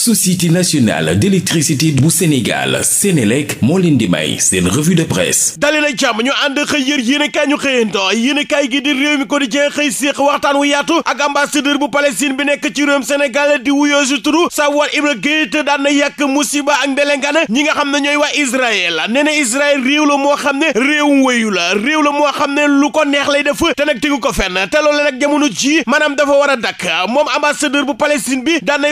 société nationale d'électricité bu Sénégal Sénélec moo leen di may seen de presse dali na jàmm ñu ànd xëy yër yéenekaay ñu xëyantoo yéenekaay gi di réew mi quotidien xëy séeq waxtaan wu yaatu ak ambassadeur bu Palestine bi nekk ci réewum Sénégal di wuyoo si turu Sawar Ibra Gueye te daan na musiba ak mbelengana ñi nga xam na ñooy waa Israël nee na Israël réew la moo xam ne réewum wéyu la réew la moo xam ne lu ko neex lay def te nag tegu ko fenn te loolu nag jamono ji maanaam dafa war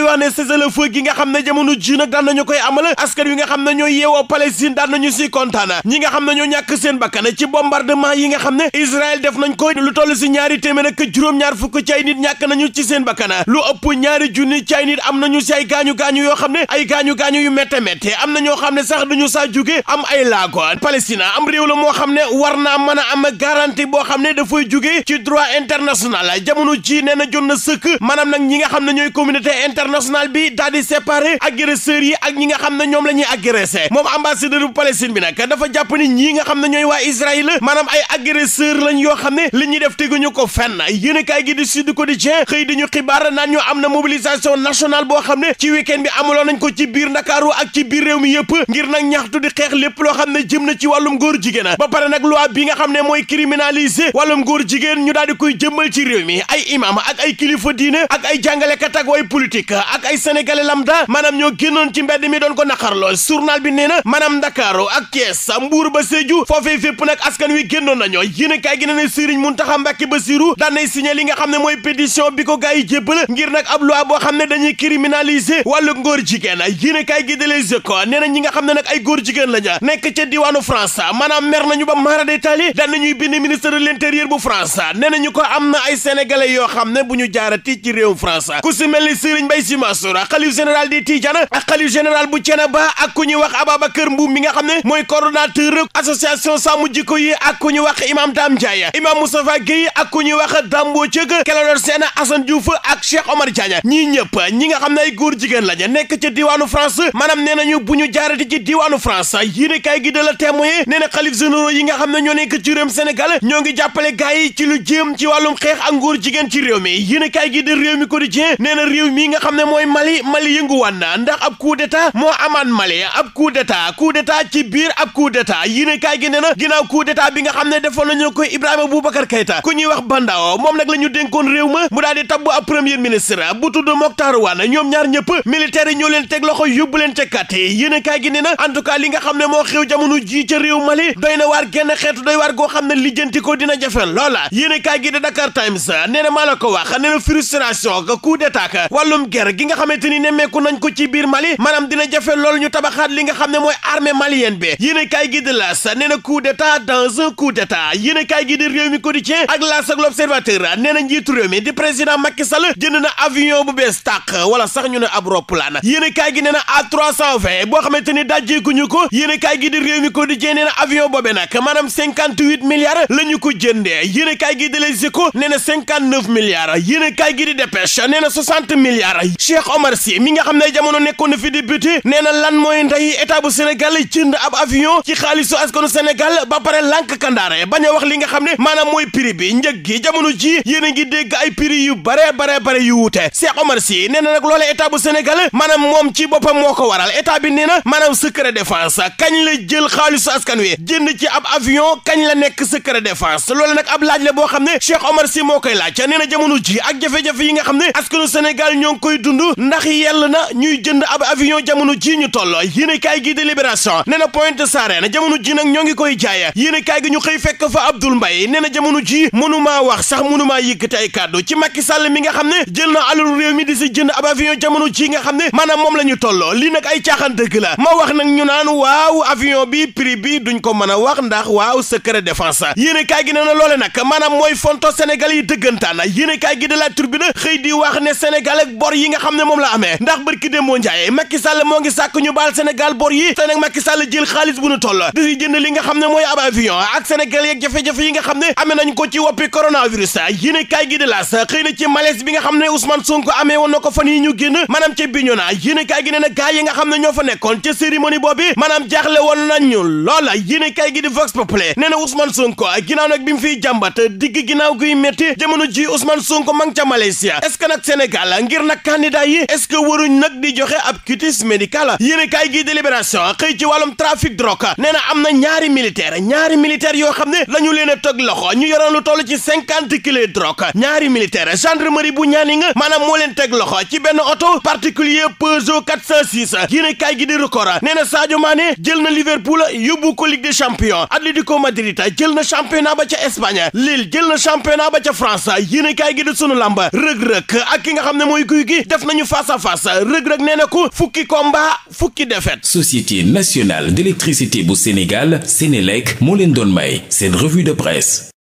a gi nga xam ne jamono ji na daan nañu koy amal askan wi nga xam ne ñooy yeewoo Palestine daan nañu si kontaan ñi nga xam ne ñoo ñàkk seen bakkan ci bombardement yi nga xam ne Israël def nañ ko lu toll si ñaari téeméer ak juróom-ñaar fukk ci ay nit ñàkk seen bakkan lu ëpp ñaari junni ci ay nit am nañu si ay gaañu-gaañu yoo xam ne ay gaañu-gaañu yu métte métte am ñoo xam ne sax duñu saa jóge am ay laago Palestine am réew la moo xam ne war naa mën a am garantie boo xam ne dafay jóge ci droit international jamono ji nee na jot na sëkk maanaam nag ñi nga xam ne ñooy communauté internationale bi daal di séparé agresseurs yi ak ñi nga xam ne ñoom la ñuy agressé moom ambassadeur bu Palestine bi nag dafa jàpp ni ñii nga xam ne ñooy waa Israël maanaam ay agresseur lañ yoo xam ne li ñuy def teguñu ko fenn yéen kaay gi di Sud Quotidien xëy di ñu xibaar naan ñu am na mobilisation nationale boo xam ne ci week-end bi amuloo nañ ko ci biir Ndakaaru ak ci biir réew mi yëpp ngir nag ñaxtu di xeex lépp loo xam ne jëm na ci wàllum góor jigéen ba pare nag loi bi nga xam ne mooy criminaliser wàllum góor jigéen ñu daal di koy jëmmal ci réew mi ay imam kilifa diine ak ay jàngalekat ak way politique ak ay sénégalais maanaam da maanaam ñoo génnoon ci mbedd mi doon ko naqarloo journal bi nee na maanaam Ndakaaru ak Thiès Mbuur ba Sédhiou foofee fépp nag askan wi génnoon nañoo yéen kaay gi ne ne Serigne Mountakha Mbacké Bassirou daan nay signé li nga xam ne mooy pétition bi ko gars yi jébbal ngir nag ab loi boo xam ne dañuy criminaliser wàllu ngóor jigéen yéen kaay gi de Les Échos nee na ñi nga xam ne nag ay góor jigéen lañu nekk ca diwaanu France maanaam mer nañu ba mara détaillé daan nañuy na xam ne bu ñu jaarati ci réewum France général des Tidiane ak xalif général bu Thiénaba ak ku ñuy wax Ababacar Mboum mi nga xam ne mooy coordonnateur association sàmm jikko yi ak ku ñuy wax imam Dame Ndiaye imam Moustapha Guèye ak ku ñuy wax Dambo Cëg Clédor Sène Assane Diouf ak Cheikh Omar Diagne ñii ñëpp ñi nga xam ne ay góor jigéen lañu nekk ci diwaanu France maanaam nee nañu bu ñu jaarati ci diwaanu France yéene kaay gi da la témoin nee na xalif généraux yi nga xam ne ñoo nekk ci réewum Sénégal ñoo ngi jàppale gars yi ci lu jéem ci wàllum xeex ak jigéen ci réew mi yéene kaay gi de réew mi quotidien nee na réew mi nga xam ne mooy Mali Mali yënguwaan na ndax ab coup d'état moo amaan ci biir ab coup d'état yéene kaay gi ne na ginnaaw coup d'état bi nga xam ne defoon nañu ko Ibrahima Boubacar Keïta ku ñuy wax Bandao moom nag la ñu dénkoon réew ma mu daal di tabbu ab premier ministre bu tudd Moctar Ouane ñoom ñaar ñëpp militaire yi teg loxo yóbbu ca kàtte yéene kaay gi na en li nga xam ne moo xew jamono ji ca réew Mali doy na waar genn xeetu doy waar goo xam ne lijjanti dina jafe loola yéene kaay gi Dakar Times nee na maa ko nemmeeku nañ ko ci biir Mali maanaam dina jafe loolu ñu tabaxaat li nga xam ne mooy armée malienne bi yéen kaay gi di las nee na coup d'état dans un coup d'état yéen kaay gi di réew mi quotidien ak las ak l'observateur nee na njiitu réew mi di président Macky Sall jënd na avion bu bees tàq wala sax ñu ne ab roplaan yéen kaay gi nee na A320 boo xamante ni dajjeeku ñu ko yéen kaay gi di réew mi quotidien nee na avion boobee nag maanaam cinquante huit milliards la ñu ko jëndee yéen kaay gi na cinquante neuf milliards yéen kaay gi di dépêche nee na mi nga xam ne jamono nekkoon na fi député nee na lan mooy ndey état bu Sénégal jënd ab avion ci xaalisu askanu senegal ba pare lànk kandaare bañ a wax li nga xam ne maanaam mooy prix bi njëg gi jamono ji yéen ngi dégg ay piri yu bare bare bare yu wuute Cheikh Omar Sy nee na nag loolee état bu Sénégal maanaam moom ci boppam moo ko waral état bi nee na maanaam secret défense kañ la jël xaalisu askan wi jënd ci ab avion kañ la nekk secret défense loole nag ab laaj la boo xam ne Cheikh Omar si moo koy laaj nee na jamono ji ak jafe yi nga xam ne askanu Sénégal ñoo ngi koy dund ndax yell na ñuy jënd ab avion jamono ji ñu toll yéene kaay gi di libération ne na Pointe na jamono ji nag ñoo ngi koy jaay yéene kaay gi ñu xëy fekk fa Abdoul Mbaye nee na jamono ji mënumaa wax sax mënumaa yëkkati ay kàddu ci Macky Sall mi nga xam ne jël na alalu réew mi di si jënd ab avion jamono ji nga xam ne maanaam moom la ñu tolloo lii nag ay caaxaan dëgg la ma wax nag ñu naanu waaw avion bi prix bi duñ ko mën a wax ndax waaw secret défense yéene kaay gi nee na loole nag maanaam mooy fonto Sénégal yi dëggantaan yéene kaay gi de la turbine xëy di wax ne Sénégal ak bor yi nga xam ne moom la amee ndax barki dem moo njaay Macky Sall moo ngi sàkk ñu baal jël xaalis bu nu toll di jënd li nga xam ne mooy ab avion ak Sénégal yeeg jafe-jafe yi nga xam ne amee nañ ko ci woppi coronavirus yéen kaay gi de laas xëy na ci malaise bi nga xam ne Ousmane Sonko amee woon na ko fan yi ñu génn maanaam ca Bignona ne yi ne ñoo fa nekkoon ca cérémonie boobu maanaam jaaxle woon nañu loola yéen kaay gi di Vox Populi nee na Ousmane Sonko a nag bi mu fiy jàmbat digg ginnaaw guy métti jamono ji Ousmane Sonko ma ngi ca Malaysia est-ce que waruñ nag di joxe ab cutis médical yéen kaay gi délibération xëy ci wàllum trafic drogue nee na am na ñaari militaire ñaari militaire yoo xam ne la ñu leen a teg loxo ñu yoroon lu toll ci cinquante kilos drogue ñaari militaire gendarmerie bu nga maanaam moo leen teg loxo ci benn oto particulier Peugeot 406 yéen kaay gi di record nee na Sadio Mané jël na Liverpool yóbbu ko Ligue des champions Atlético Madrid jël na championnat ba ca Espagne Lille jël na championnat ba ca France yéen kaay gi di sunu lamba rëg-rëg ki nga xam ne mooy guy gi nañu face à rëg-rëg nee na ko fukki combat fukki défaite société nationale d'électricité bu Sénégal Sénélec moo leen doon may seen revue de presse